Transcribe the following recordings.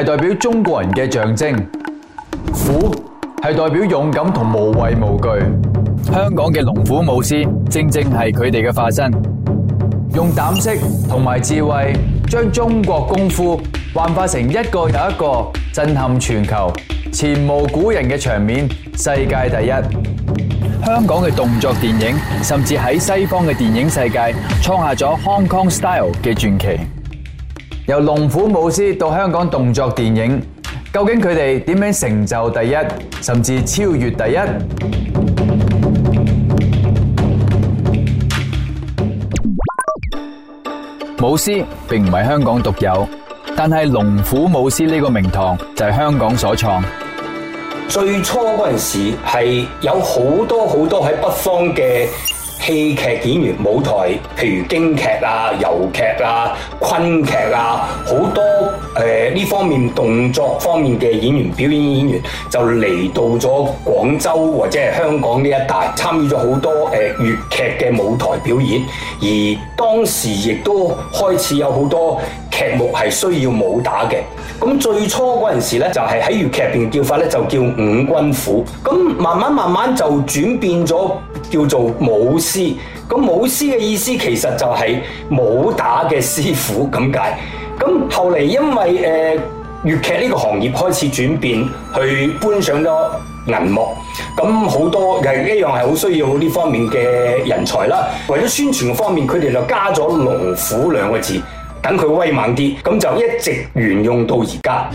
係代表中國人嘅象徵，虎係代表勇敢同無畏無懼。香港嘅龍虎武師正正係佢哋嘅化身，用膽識同埋智慧，將中國功夫幻化成一個又一個震撼全球、前無古人嘅場面，世界第一。香港嘅動作電影甚至喺西方嘅電影世界創下咗 Hong Kong style 嘅傳奇。由龍虎武師到香港動作電影，究竟佢哋點樣成就第一，甚至超越第一？武師並唔係香港獨有，但係龍虎武師呢個名堂就係香港所創。最初嗰陣時係有好多好多喺北方嘅。戲劇演員、舞台，譬如京劇啊、游劇啊、昆劇啊，好多誒呢、呃、方面動作方面嘅演員、表演演員，就嚟到咗廣州或者係香港呢一帶，參與咗好多誒粵、呃、劇嘅舞台表演，而當時亦都開始有好多。劇目係需要武打嘅，咁最初嗰陣時咧，就係喺粵劇入邊叫法咧，就叫五軍虎。咁慢慢慢慢就轉變咗叫做武師。咁武師嘅意思其實就係武打嘅師傅咁解。咁後嚟因為誒粵劇呢個行業開始轉變，去搬上咗銀幕，咁好多係一樣係好需要呢方面嘅人才啦。為咗宣傳方面，佢哋就加咗龍虎兩個字。等佢威猛啲，咁就一直沿用到而家。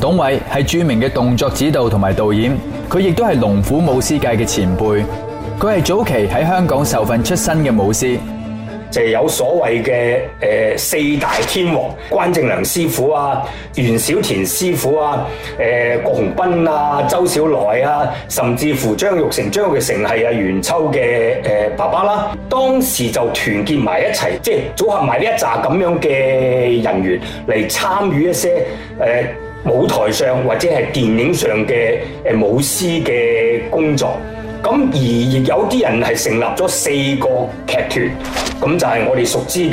董瑋係著名嘅動作指導同埋導演，佢亦都係龍虎武師界嘅前輩，佢係早期喺香港受訓出身嘅武師。就是、有所謂嘅、呃、四大天王關正良師傅啊、袁小田師傅啊、誒、呃、郭洪斌啊、周小奈啊，甚至乎張玉成，張玉成係啊、袁秋嘅、呃、爸爸啦、啊。當時就團結埋一齊，即、就、係、是、組合埋呢一紮咁樣嘅人員嚟參與一些、呃、舞台上或者係電影上嘅武師嘅工作。咁而亦有啲人係成立咗四個劇團，咁就係我哋熟知嘅、誒、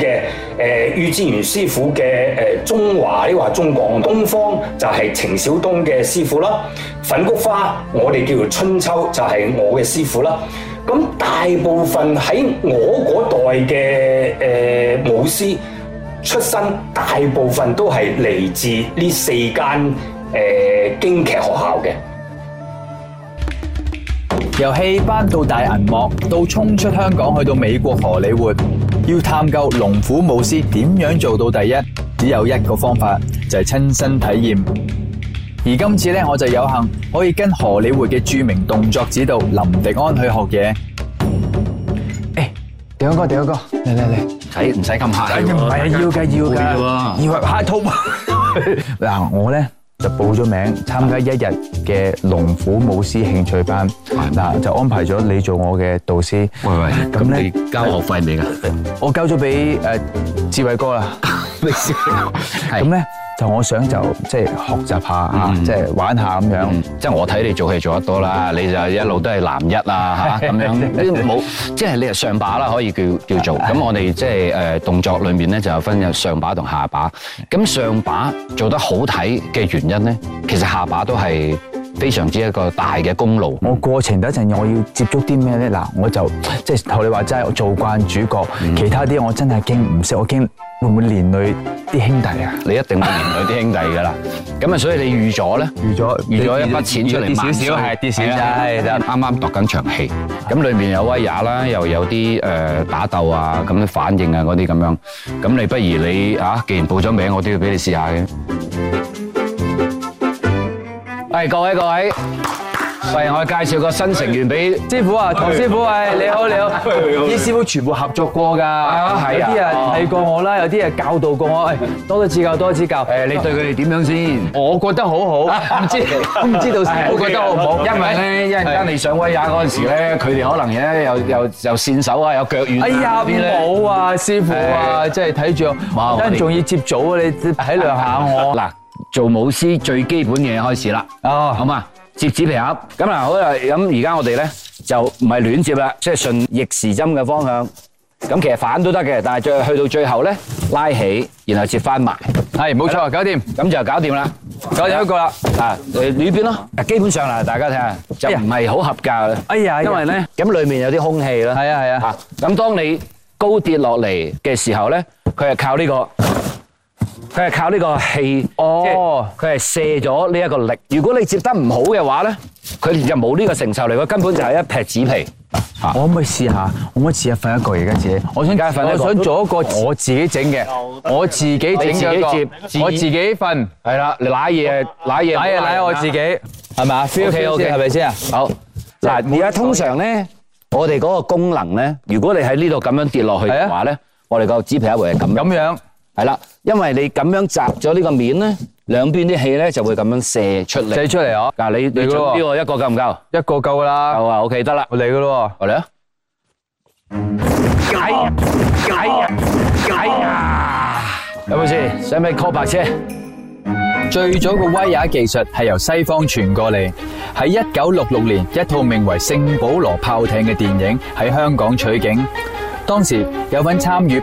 呃、于之元師傅嘅、誒、呃、中華，呢，話中廣東方就係程小東嘅師傅啦。粉菊花我哋叫做春秋，就係、是、我嘅師傅啦。咁大部分喺我嗰代嘅、誒武師出身，大部分都係嚟自呢四間誒、呃、京劇學校嘅。由戲班到大銀幕，到衝出香港去到美國荷里活，要探究龍虎武師點樣做到第一，只有一個方法，就係親身體驗。而今次呢我就有幸可以跟荷里活嘅著名動作指導林迪安去學嘢。誒，第二個，第二個，嚟嚟嚟，唔使唔使咁吓，唔係要計要噶，要入下套。嗱， 我咧。就報咗名參加一日嘅龍虎武師興趣班，嗱就安排咗你做我嘅導師。喂喂，咁你交學費未啊？我交咗俾誒志偉哥啦。咁 咧， 就我想就即係、就是、學習下，即、嗯、係、就是、玩下咁樣。即、嗯、係、就是、我睇你做戲做得多啦，你就一路都係男一啦、啊，吓 咁、啊、樣。冇，即、就、係、是、你係上把啦，可以叫叫做。咁 我哋即係誒動作裏面咧就有分有上把同下把。咁上把做得好睇嘅原因咧，其實下把都係。非常之一個大嘅功勞。我過程第一陣要我要接觸啲咩咧？嗱，我就即係學你話齋，我做慣主角，其他啲我真係驚唔識，我驚會唔會連累啲兄弟啊？ 你一定會連累啲兄弟噶啦。咁啊，所以你預咗咧。預咗，預咗一筆錢出嚟賣少少，係啲少啦。啱啱度緊場戲，咁裏面有威亞啦，又有啲誒打鬥啊，咁反應啊，嗰啲咁樣。咁你不如你啊，既然報咗名，我都要俾你試下嘅。誒，各位各位，誒，我介紹個新成員俾師傅啊，唐師傅，誒，你好你好，呢啲師傅全部合作過噶，係啊，有啲嘢睇過我啦，有啲嘢教導過我，誒，多多指教多多指教，誒，你對佢哋點樣先？我覺得好好，唔知，唔知道先。我覺得我冇，因為咧一陣間你上威亞嗰陣時咧，佢哋可能咧又又又跣手啊，又腳軟啊啲咧。哎呀，冇啊，師傅啊，即係睇住我，一陣仲要接組啊，你體諒下我。嗱。做舞獅最基本嘅嘢開始啦。佢係靠呢個氣，哦，佢係卸咗呢一個力。如果你接得唔好嘅話咧，佢就冇呢個承受力，佢根本就係一劈紙皮。我可唔可以試下？我可唔可以試下？瞓一個而家自己？我想我想，我想做一個我自己整嘅，我自己整自己接，我自己瞓。係啦，你揦嘢，揦嘢，揦嘢，揦我自己，係咪啊 Feel feel 嘅，係咪先啊？好，嗱，而家通常咧，我哋嗰個功能咧，如果你喺呢度咁樣跌落去嘅話咧，我哋個紙皮係會係咁樣。係啦，因為你咁樣砸咗呢個麵咧，兩邊啲氣咧就會咁樣射出嚟。射出嚟哦！嗱，你你呢個一個夠唔夠？一個夠噶啦。夠啊，OK 得啦，嚟噶咯喎。嚟啊！有冇事？使唔使 call 白車？最早個威亞技術係由西方傳過嚟，喺一九六六年，一套名為《聖保羅炮艇》嘅電影喺香港取景，當時有份參與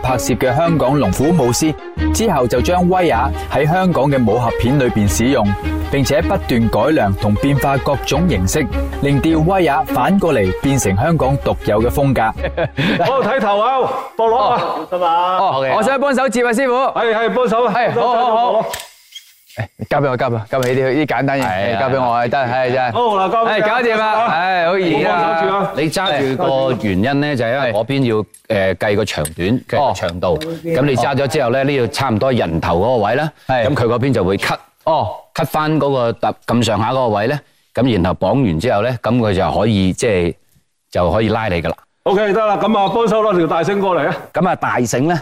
交俾我，交啦，交起啲啲簡單嘢。交俾我，得係真。好啦，交。俾搞掂啦，係，好而家你揸住個原因咧，就係因為嗰邊要誒計個長短嘅長度。咁、哦、你揸咗之後咧，呢、嗯、度差唔多人頭嗰個位咧。咁佢嗰邊就會 cut，哦，cut 翻嗰個搭咁上下嗰個位咧。咁然後綁完之後咧，咁佢就可以即係、就是、就可以拉你噶啦。O K，得啦，咁啊幫手攞條大繩過嚟啊。咁啊大繩咧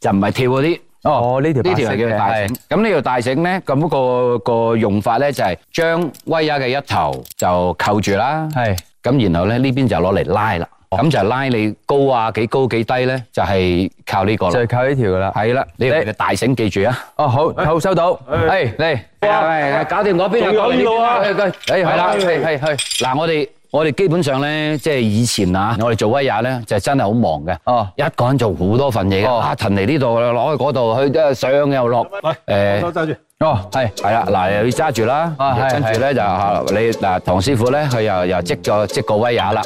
就唔係跳嗰啲。哦，呢條呢條係叫大繩，咁呢條大繩咧，咁個個用法咧就係將威亞嘅一頭就扣住啦，係，咁然後咧呢邊就攞嚟拉啦，咁就拉你高啊幾高幾低咧，就係靠呢個啦，就係靠呢條噶啦，係啦，呢條大繩記住啊，哦，好好收到，誒嚟，係，搞掂我邊啦，搞掂，誒係啦，係係係，嗱，我哋。我哋基本上呢，即係以前啊，我哋做威亞呢，就真係好忙嘅。哦，一個人做好多份嘢，阿陳嚟呢度，攞去嗰度，佢上又落。嚟，誒，揸住。哦，係，係啦，嗱，要揸住啦。啊，係，係咧，啊、就，就你嗱，唐師傅呢，佢又又織個織個威亞啦。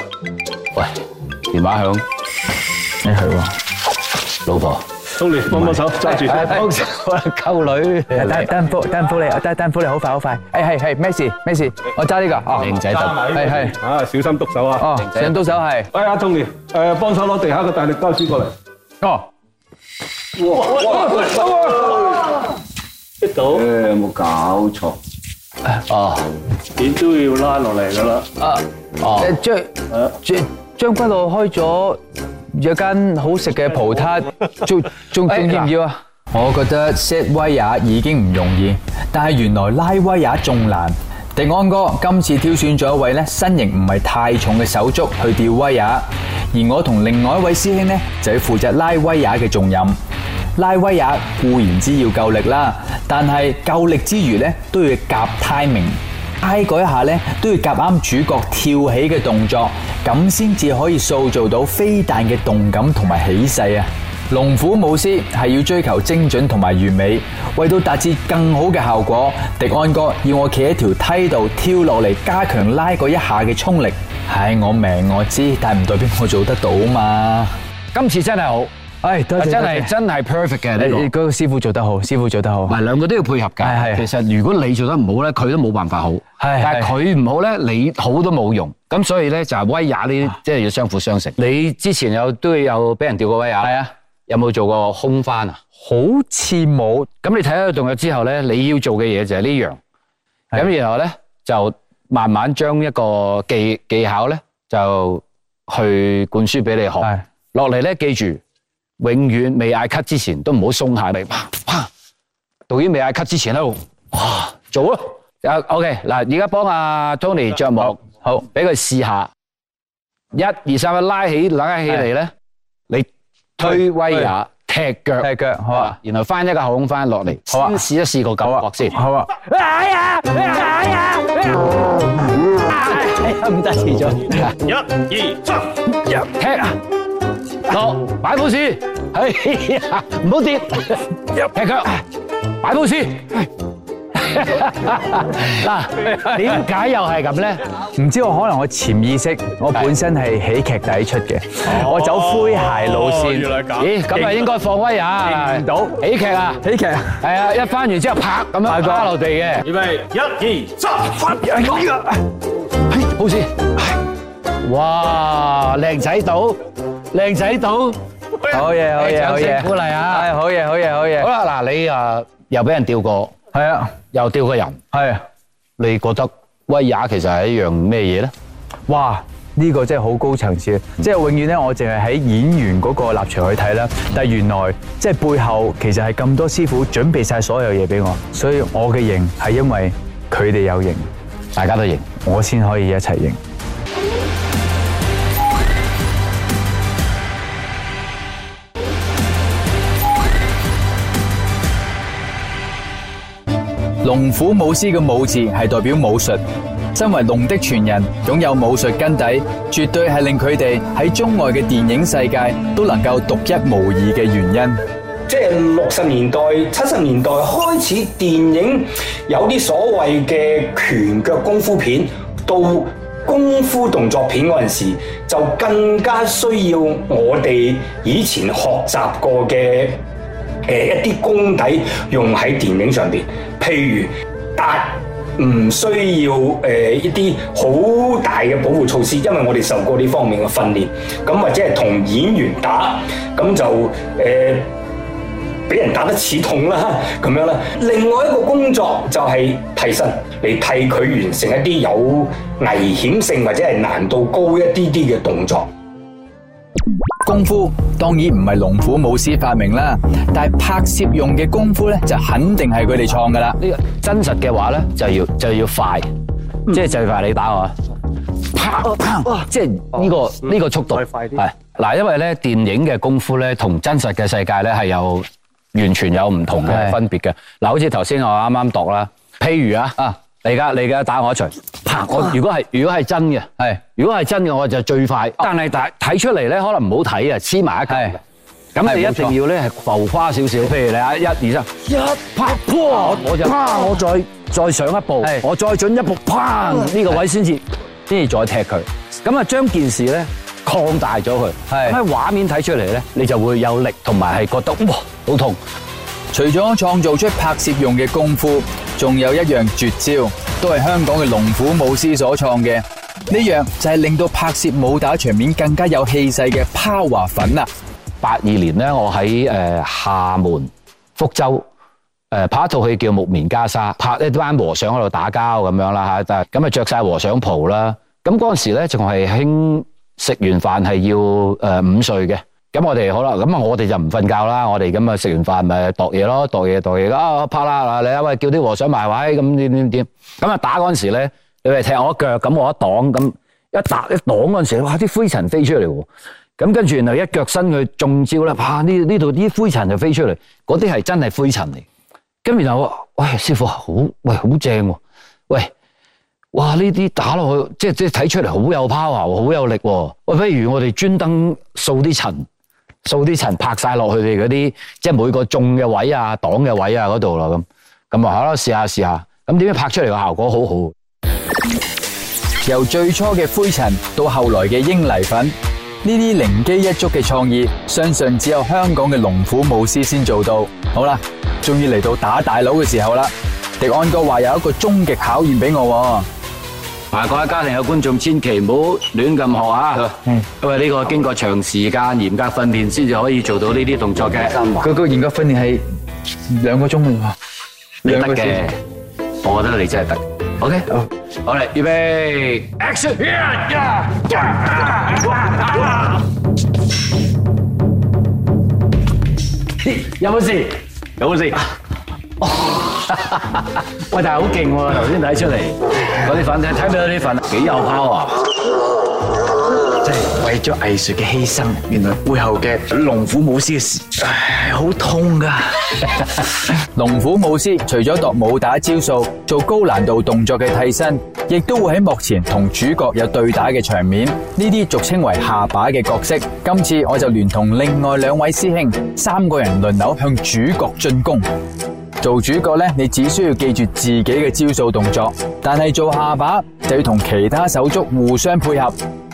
喂，電話響。咩事喎？老婆。中年幫幫手，揸住啲。幫手啊，溝女。得得唔扶，得唔扶你，得得唔扶你好快好快。誒係係，咩事咩事？我揸呢個。靚仔得。係係。啊，小心篤手啊。哦。小心篤手係。哎呀，中年，誒，幫手攞地下個大力膠紙過嚟。哦。哇！一倒。誒，有冇搞錯？哦。點都要拉落嚟噶啦。啊。哦。誒，將將將軍路開咗。有間好食嘅葡撻，仲仲要唔要啊？我覺得 set 威也已經唔容易，但係原來拉威也仲難。迪安哥今次挑選咗一位咧，身形唔係太重嘅手足去吊威也，而我同另外一位師兄咧就喺負責拉威也嘅重任。拉威也固然之要夠力啦，但係夠力之餘咧都要夾 timing，拉嗰一下咧，都要夾啱主角跳起嘅動作，咁先至可以塑造到飛彈嘅動感同埋起勢啊！龍虎武師係要追求精準同埋完美，為到達至更好嘅效果，迪安哥要我企喺條梯度跳落嚟，加強拉嗰一下嘅衝力。係，我明我知，但係唔代表我做得到嘛。今次真係好，哎，真係真係 perfect 嘅，你嗰個師傅做得好，師傅做得好，唔係兩個都要配合㗎。其實如果你做得唔好咧，佢都冇辦法好。係，但係佢唔好咧，你好都冇用。咁所以咧就係威也呢啲，即係要相輔相成。你之前有都有俾人吊過威也，係啊？有冇做過空翻啊？好似冇。咁你睇咗個動作之後咧，你要做嘅嘢就係呢樣。咁然後咧就慢慢將一個技技巧咧就去灌輸俾你學。落嚟咧記住，永遠未嗌 cut 之前都唔好鬆下嚟。哇、啊！啊、導演未嗌 cut 之前喺度哇，做啦、啊！啊，OK，嗱，而家幫阿 Tony 着幕，好，俾佢試下，一二三，拉起，拉起嚟咧，你推威也踢腳，踢腳，好啊，然後翻一個後空翻落嚟，好啊，試一試個感覺先，好啊，哎呀，哎呀，哎呀，唔得，遲咗，一二三，一踢啊，落擺高士，哎呀，唔好跌，一踢腳，擺高士。嗱，點解又係咁咧？唔知我可能我潛意識，我本身係喜劇底出嘅，我走詼諧路線。咦，咁啊應該放威呀？唔到喜劇啊？喜劇係啊！一翻完之後拍咁樣掛落地嘅。預備一、二、三，翻！係咁嘅。係，好先。哇，靚仔到，靚仔到，好嘢，好嘢，好嘢！鼓勵吓，係好嘢，好嘢，好嘢。好啦，嗱，你啊又俾人吊過。係啊，又丟個人。係啊，你覺得威亞其實係一樣咩嘢咧？哇！呢個真係好高層次，即係永遠咧，我淨係喺演員嗰個立場去睇啦。但係原來即係背後其實係咁多師傅準備晒所有嘢俾我，所以我嘅型係因為佢哋有型，大家都型，我先可以一齊型。龍虎武師嘅武字係代表武術，身為龍的傳人，擁有武術根底，絕對係令佢哋喺中外嘅電影世界都能夠獨一無二嘅原因。即係六十年代、七十年代開始，電影有啲所謂嘅拳腳功夫片，到功夫動作片嗰陣時，就更加需要我哋以前學習過嘅。誒、呃、一啲功底用喺電影上邊，譬如打唔需要誒、呃、一啲好大嘅保護措施，因為我哋受過呢方面嘅訓練。咁、呃、或者係同演員打，咁就誒俾、呃、人打得似痛啦，咁樣啦。另外一個工作就係替身，嚟替佢完成一啲有危險性或者係難度高一啲啲嘅動作。功夫當然唔係龍虎武師發明啦，但係拍攝用嘅功夫咧就肯定係佢哋創㗎啦。呢個真實嘅話咧就要就要快，即、嗯、係就是快你打我，啊啪啪即係呢個呢、嗯這個速度快啲係嗱，因為咧電影嘅功夫咧同真實嘅世界咧係有完全有唔同嘅分別嘅。嗱，好似頭先我啱啱度啦，譬如啊。嚟噶嚟噶，打我一錘！啪！我如果係如果係真嘅，係如果係真嘅，我就最快。哦、但係睇睇出嚟咧，可能唔好睇啊，黐埋一齊。係，咁你一定要咧係浮誇少少。譬如你一、二、三，一拍波，我就啪！我再再上一步，我再進一步，啪！呢、這個位先至，先至再踢佢。咁啊，將件事咧擴大咗佢，喺畫面睇出嚟咧，你就會有力同埋係覺得哇，好痛！除咗創造出拍攝用嘅功夫，仲有一樣絕招，都係香港嘅龍虎武師所創嘅。呢樣就係令到拍攝武打場面更加有氣勢嘅拋華粉啊！八二年咧，我喺誒廈門、福州誒、呃、拍一套戲叫《木棉袈裟》，拍一班和尚喺度打交咁樣啦吓，就咁啊着晒和尚袍啦。咁嗰陣時咧仲係興食完飯係要誒午睡嘅。呃咁我哋好啦，咁啊我哋就唔瞓覺啦，我哋咁啊食完飯咪度嘢咯，度嘢度嘢，啊啪啦嗱你啊喂，叫啲和尚埋位咁點點點，咁啊打嗰陣時咧，你踢我一腳，咁我一擋，咁一砸一擋嗰陣時，哇啲灰塵飛出嚟，咁跟住然後一腳身去中招啦，啪呢呢度啲灰塵就飛出嚟，嗰啲係真係灰塵嚟，咁然後、哎、師父喂師傅好喂好正、啊，喂哇呢啲打落去即即睇出嚟好有 power，好有力、啊，喂不如我哋專登掃啲塵。掃啲塵拍晒落去，佢哋嗰啲即係每個種嘅位啊、擋嘅位啊嗰度啦，咁咁咪好咯，試下試下。咁點樣拍出嚟嘅效果好好。由最初嘅灰塵到後來嘅英泥粉，呢啲靈機一觸嘅創意，相信只有香港嘅龍虎武師先做到。好啦，終於嚟到打大佬嘅時候啦。迪安哥話有一個終極考驗俾我。嗱，各位家庭嘅觀眾，千祈唔好亂咁學啊，哇，因為呢個經過長時間，here! 喂，但係好勁喎！頭先睇出嚟嗰啲粉，睇到啲粉幾有拋啊！真係為咗藝術嘅犧牲，原來背後嘅龍虎武師嘅事，唉，好痛噶！龍虎武師除咗度武打招數、做高難度動作嘅替身，亦都會喺幕前同主角有對打嘅場面，呢啲俗稱為下把嘅角色。今次我就聯同另外兩位師兄，三個人輪流向主角進攻。做主角呢，你只需要記住自己嘅招數動作；但係做下把就要同其他手足互相配合，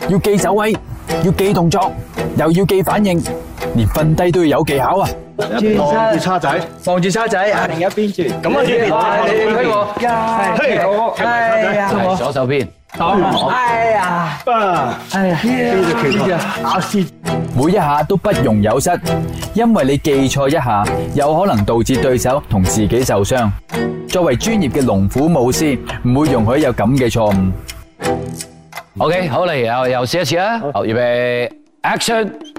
要記走位，要記動作，又要記反應，連瞓低都要有技巧啊！轉叉仔，放住叉仔，另一邊轉。咁啊，你推我，係我，左手邊。哎呀！哎呀！呢隻拳頭，老師，每一下都不容有失，因為你記錯一下，有可能導致對手同自己受傷。作為專業嘅龍虎武師，唔會容許有咁嘅錯誤。OK，好啦，又又試一次啦，好，預備，Action！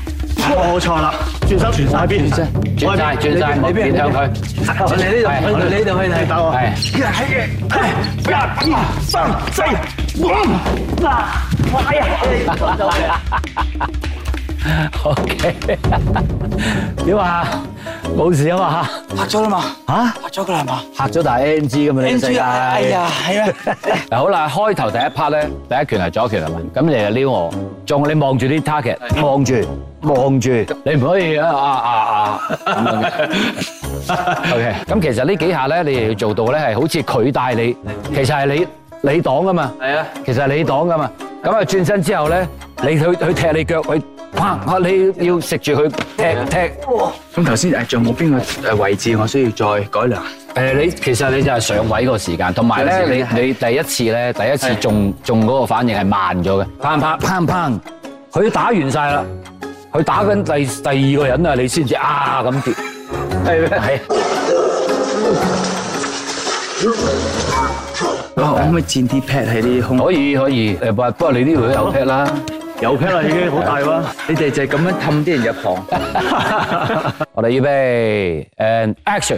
冇、啊、錯啦，轉手，轉身喺邊？轉身轉晒轉晒，你邊向佢？我嚟呢度，我嚟呢度去睇打我。係、哎，嘿、哎，嘿、啊，一二三、啊、四五啦、啊啊！哎呀，哈哈哈！ O K，點啊？冇事啊嘛吓，拍咗啦嘛，吓拍咗噶啦係嘛，拍咗但係 N G 咁啊，你啊，係啊，係啊。嗱，好啦，開頭第一 part 咧，第一拳係左拳係嘛。咁你就撩我，仲你望住啲 target，望住，望住，你唔可以啊啊啊！O K，咁其實呢幾下咧，你哋要做到咧係好似佢帶你，其實係你你擋噶嘛，係啊，其實係你擋噶嘛。咁啊轉身之後咧，你去去踢你腳去。啪你要食住佢踢踢。咁頭先誒，仲、哦、有邊個誒位置我需要再改良？誒、呃，你其實你就係上位個時間，同埋咧你你第一次咧第一次中中嗰個反應係慢咗嘅。啪啪啪啪佢打完晒啦，佢打緊第、嗯、第二個人啊，你先至啊咁跌。係咩？係。可唔、哦、可以墊啲 pad 喺啲空？可以可以。誒，不過你呢度都有 pad 啦。有劈啦，已經好大喎！你哋就係噉樣氹啲人入行， 我哋預備，and action.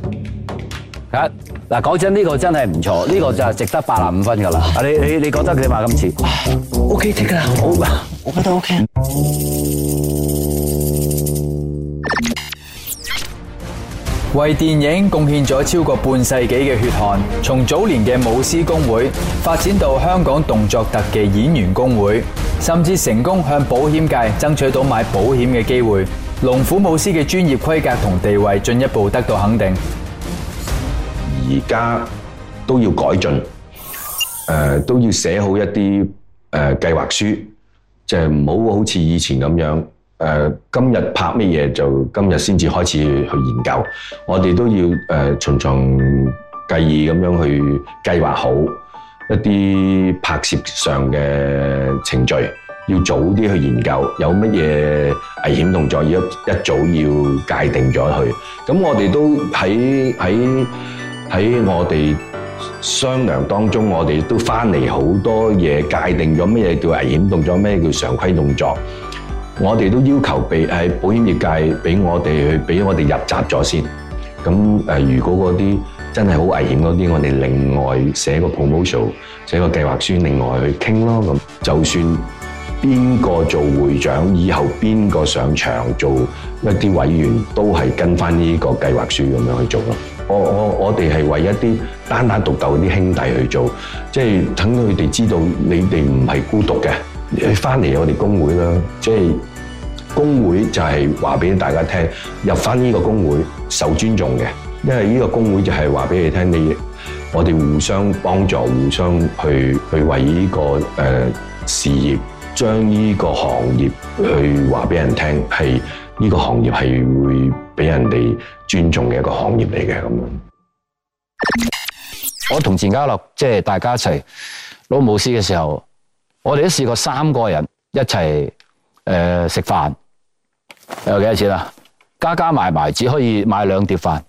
嗱，講真，呢個真係唔錯，呢個就係值得八十五分㗎喇。你你你覺得點啊？今次 O K 得㗎喇，好，我我覺得 O K。為電影貢獻咗超過半世紀嘅血汗，從早年嘅武師公會發展到香港動作特技演員工會，甚至成功向保險界爭取到買保險嘅機會。龍虎武師嘅專業規格同地位進一步得到肯定。而家都要改進，誒都要寫好一啲誒計劃書，即係唔好好似以前咁樣，誒今日拍乜嘢就今日先至開始去研究。我哋都要誒從長計議咁樣去計劃好一啲拍攝上嘅程序，要早啲去研究，有乜嘢危險動作要一早要界定咗佢。咁我哋都喺喺，喺我哋商量當中，我哋都翻嚟好多嘢界定咗咩嘢叫危險動作，咩叫常規動作。我哋都要求被喺保險業界俾我哋去俾我哋入閘咗先。咁誒，如果嗰啲真係好危險嗰啲，我哋另外寫個 proposal，寫個計劃書，另外去傾咯。咁就算邊個做會長，以後邊個上場做一啲委員，都係跟翻呢個計劃書咁樣去做咯。我我我哋係為一啲單單獨獨啲兄弟去做，即係等佢哋知道你哋唔係孤獨嘅，你翻嚟我哋工會啦，即係工會就係話俾大家聽，入翻呢個工會受尊重嘅，因為呢個工會就係話俾你聽，你我哋互相幫助，互相去去為呢個誒事業，將呢個行業去話俾人聽，係呢個行業係會俾人哋。尊重嘅一個行業嚟嘅，我同錢嘉樂即係、就是、大家一齊攞武師嘅時候，我哋都試過三個人一齊、呃、吃食飯，有幾多錢啊？加加埋埋只可以買兩碟飯，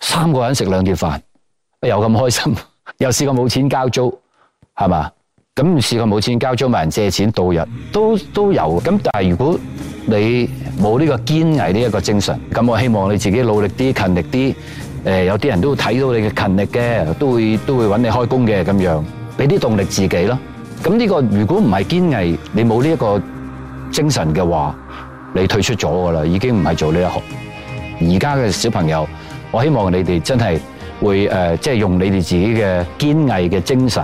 三個人食兩碟飯又咁開心，又試過冇錢交租，係嘛？咁唔試過冇錢交租，問人借錢度日都都有。咁但係如果你冇呢個堅毅呢一個精神，咁我希望你自己努力啲，勤力啲。誒，有啲人都會睇到你嘅勤力嘅，都會都會揾你開工嘅咁樣，俾啲動力自己咯。咁呢個如果唔係堅毅，你冇呢一個精神嘅話，你退出咗噶啦，已經唔係做呢一行。而家嘅小朋友，我希望你哋真係會誒，即係用你哋自己嘅堅毅嘅精神。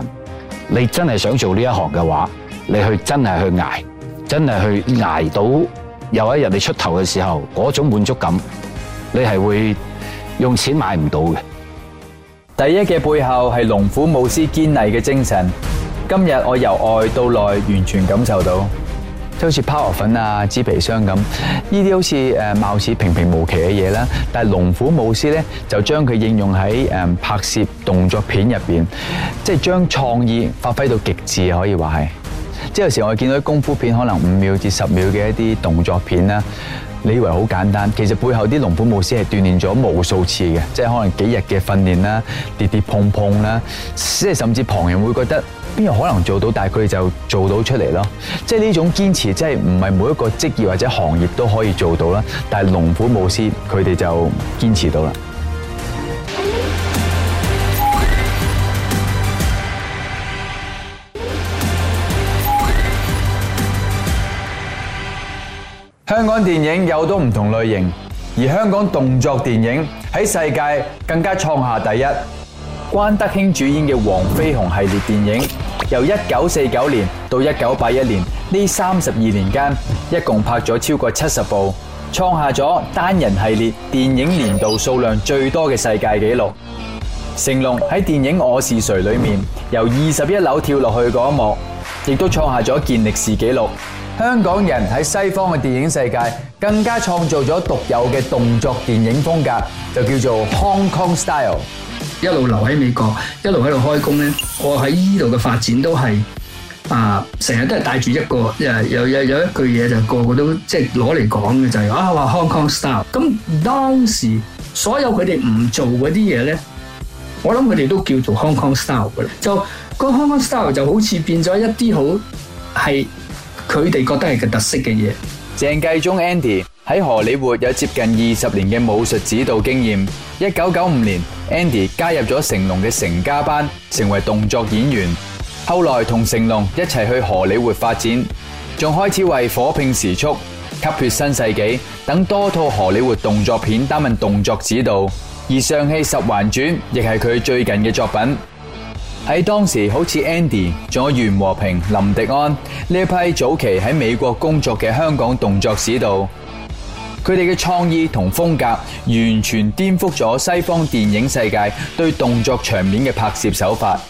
你真係想做呢一行嘅話，你去真係去捱，真係去捱到有一日你出頭嘅時候，嗰種滿足感，你係會用錢買唔到嘅。第一嘅背後係龍虎武師堅毅嘅精神，今日我由外到內完全感受到。即好似 power 粉啊、紙皮箱咁，呢啲好似貌似平平無奇嘅嘢啦，但係龍虎武師咧就將佢應用喺拍攝動作片入面，即係將創意發揮到極致，可以話係，即係有時我見到啲功夫片，可能五秒至十秒嘅一啲動作片啦。你以為好簡單，其實背後啲龍虎武師係鍛煉咗無數次嘅，即係可能幾日嘅訓練啦，跌跌碰碰啦，即係甚至旁人會覺得邊有可能做到，但係佢哋就做到出嚟咯。即係呢種堅持，即係唔係每一個職業或者行業都可以做到啦，但係龍虎武師佢哋就堅持到啦。香港電影有多唔同類型，而香港動作電影喺世界更加創下第一。關德興主演嘅《黃飛鴻》系列電影，由一九四九年到一九八一年呢三十二年間，一共拍咗超過七十部，創下咗單人系列電影年度數量最多嘅世界紀錄。成龍喺電影《我是誰》裏面由二十一樓跳落去嗰一幕，亦都創下咗一件歷史紀錄。香港人喺西方嘅電影世界更加創造咗獨有嘅動作電影風格，就叫做 Hong Kong Style。一路留喺美國，一路喺度開工咧。我喺呢度嘅發展都係啊，成日都係帶住一個有有有有一句嘢，就個個都即係攞嚟講嘅就係啊話 Hong Kong Style。咁當時所有佢哋唔做嗰啲嘢咧，我諗佢哋都叫做 Hong Kong Style 噶啦。就個 Hong Kong Style 就好似變咗一啲好係。佢哋覺得係個特色嘅嘢。鄭繼中 Andy 喺荷里活有接近二十年嘅武術指導經驗。一九九五年，Andy 加入咗成龍嘅成家班，成為動作演員。後來同成龍一齊去荷里活發展，仲開始為《火拼時速》《吸血新世紀》等多套荷里活動作片擔任動作指導。而《尚氣十環傳》亦係佢最近嘅作品。喺當時好似 Andy 仲有袁和平、林迪安呢一批早期喺美國工作嘅香港動作指導，佢哋嘅創意同風格完全顛覆咗西方電影世界對動作場面嘅拍攝手法。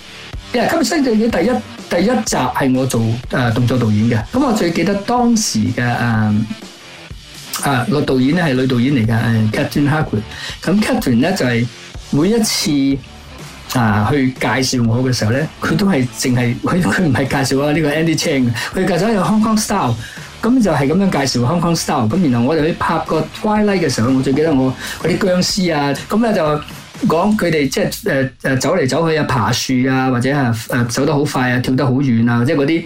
嘅《金星》嘅第一第一集係我做誒、呃、動作導演嘅，咁我最記得當時嘅誒誒個導演咧係女導演嚟嘅誒、呃、Catherine Hardwicke，咁、呃、Catherine 咧就係每一次。啊！去介紹我嘅時候咧，佢都係淨係佢佢唔係介紹啊！呢、呢個 Andy Cheng 佢介紹一個 Hong Kong style，咁就係咁樣介紹 Hong Kong style。咁然後我哋去拍個 Twilight 嘅時候，我最記得我嗰啲僵屍啊，咁咧就講佢哋即係、呃、走嚟走去啊，爬樹啊，或者係、呃、走得好快啊，跳得好遠啊，即係嗰啲。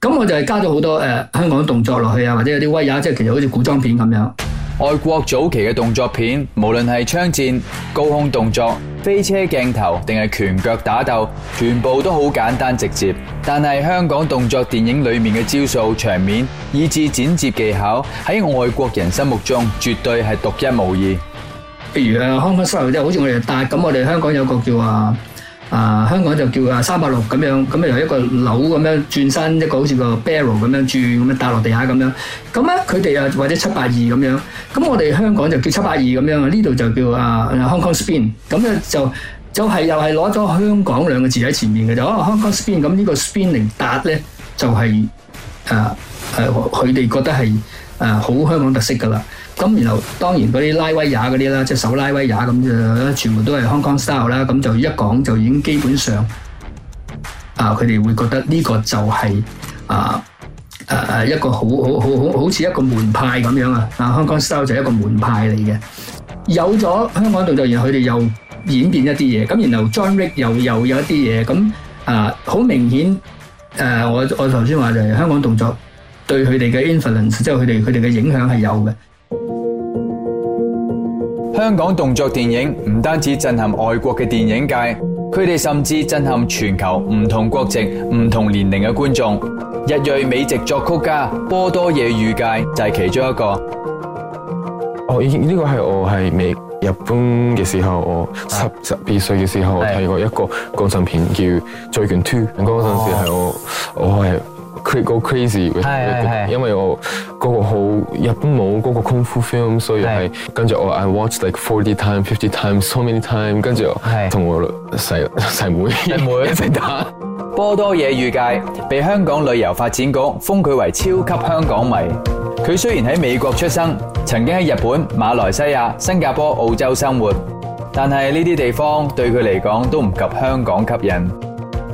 咁我就係加咗好多、呃、香港動作落去啊，或者有啲威亞，即係其實好似古裝片咁樣。外國早期嘅動作片，無論係槍戰、高空動作、飛車鏡頭，定係拳腳打鬥，全部都好簡單直接。但係香港動作電影裏面嘅招數、場面，以至剪接技巧，喺外國人心目中絕對係獨一無二。譬如香港君收好似我哋搭咁，但我哋香港有個叫啊。啊！香港就叫啊三百六咁樣，咁啊由一個樓咁樣轉身，一個好似個 barrel 咁樣轉咁樣搭落地下咁樣。咁咧佢哋啊或者七百二咁樣，咁我哋香港就叫七百二咁樣啊。呢度就叫啊 Hong Kong spin，咁咧就就係、是、又係攞咗香港兩個字喺前面嘅就哦 Hong Kong spin。咁呢個 spin 嚟搭咧就係佢哋覺得係、啊、好香港特色噶啦。咁然後當然嗰啲拉威亞嗰啲啦，即係手拉威亞咁就，全部都係香港 style 啦。咁就一講就已經基本上啊，佢哋會覺得呢個就係啊啊啊一個好好好好好似一個門派咁樣啊。啊，香港 style 就係一個門派嚟嘅。有咗香港動作，然後佢哋又演變一啲嘢。咁然後 John Wick 又又有一啲嘢。咁啊，好明顯誒，我我頭先話就係香港動作對佢哋嘅 influence，即係佢哋佢哋嘅影響係有嘅。香港動作電影唔單止震撼外國嘅電影界，佢哋甚至震撼全球唔同國籍、唔同年齡嘅觀眾。日裔美籍作曲家波多野裕介就係、是、其中一個。哦，呢個係我係喺日本嘅時候，我十十二歲嘅時候睇過一個港產片叫《醉拳 Two》，嗰陣時係我我係。去 go crazy，因為我嗰個好日本冇嗰個功夫 film，所以係跟住我 I watch like forty times, fifty times, so many times，跟住同我細細妹一妹一齊打。波多野裕介被香港旅遊發展局封佢為超級香港迷。佢雖然喺美國出生，曾經喺日本、馬來西亞、新加坡、澳洲生活，但係呢啲地方對佢嚟講都唔及香港吸引。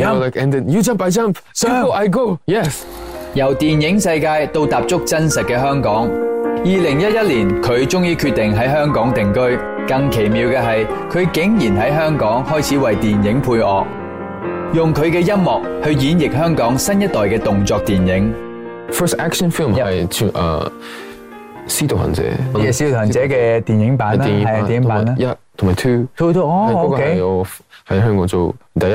Yeah，and then you jump I jump. So I go. Yes。由電影世界到踏足真實嘅香港。二零一一年，佢終於決定喺香港定居。更奇妙嘅係，佢竟然喺香港開始為電影配樂，用佢嘅音樂去演繹香港新一代嘅動作電影。First action film 係全誒《使徒行者》。《使徒行者》嘅電影版啦，係電影版啦，一，同埋 two，two，two。哦，OK。喺香港做第一。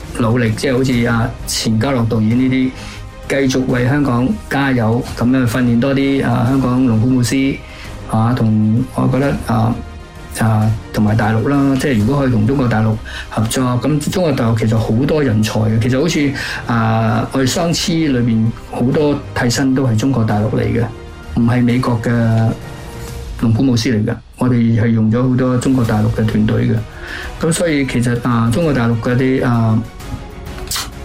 努力，即係好似啊，錢嘉樂導演呢啲，繼續為香港加油，咁樣訓練多啲啊香港龍虎武師啊，同我覺得啊啊，同埋大陸啦，即係如果可以同中國大陸合作，咁中國大陸其實好多人才嘅，其實好似啊，我哋《生屍》裏邊好多替身都係中國大陸嚟嘅，唔係美國嘅龍虎武師嚟嘅，我哋係用咗好多中國大陸嘅團隊嘅，咁所以其實啊，中國大陸嗰啲啊～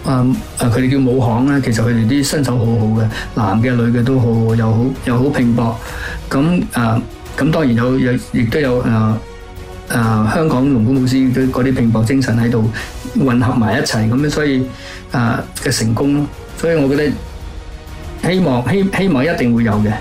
啊！啊！佢哋叫武行咧，其實佢哋啲身手好好嘅，男嘅女嘅都好，好，又好又好拼搏。咁啊，咁當然有有亦都有啊啊！香港龍工老師嘅嗰啲拼搏精神喺度混合埋一齊，咁樣所以啊嘅成功咯。所以我覺得希望希希望一定會有嘅。